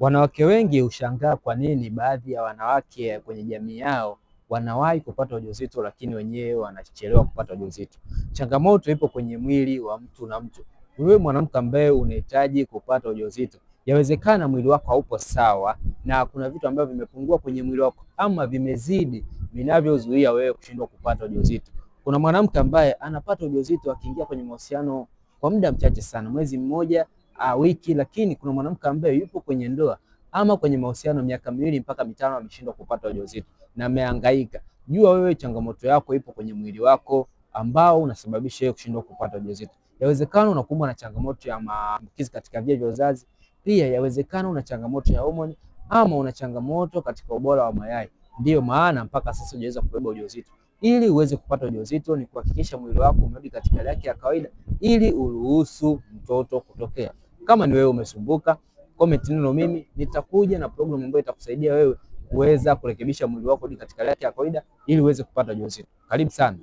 Wanawake wengi hushangaa kwa nini baadhi ya wanawake kwenye jamii yao wanawahi kupata ujauzito lakini wenyewe wanachelewa kupata ujauzito. Changamoto ipo kwenye mwili wa mtu na mtu. Wewe mwanamke ambaye unahitaji kupata ujauzito, yawezekana mwili wako haupo sawa na kuna vitu ambavyo vimepungua kwenye mwili wako ama vimezidi vinavyozuia wewe kushindwa kupata ujauzito. Kuna mwanamke ambaye anapata ujauzito akiingia kwenye mahusiano kwa muda mchache sana, mwezi mmoja uh, wiki, lakini kuna mwanamke ambaye yupo kwenye ndoa ama kwenye mahusiano miaka miwili mpaka mitano ameshindwa kupata ujauzito na ameangaika. Jua wewe changamoto yako ipo kwenye mwili wako ambao unasababisha yeye kushindwa kupata ujauzito. Yawezekana unakumbwa na changamoto ya maambukizi katika via vya uzazi, pia yawezekana una changamoto ya homoni ama una changamoto katika ubora wa mayai, ndiyo maana mpaka sasa hujaweza kubeba ujauzito. Ili uweze kupata ujauzito ni kuhakikisha mwili wako umerudi katika hali yake ya kawaida, ili uruhusu mtoto kutokea. Kama ni wewe umesumbuka, comment neno mimi, nitakuja na program ambayo itakusaidia wewe kuweza kurekebisha mwili wako katika hali yake ya kawaida ili uweze kupata ujauzito. Karibu sana.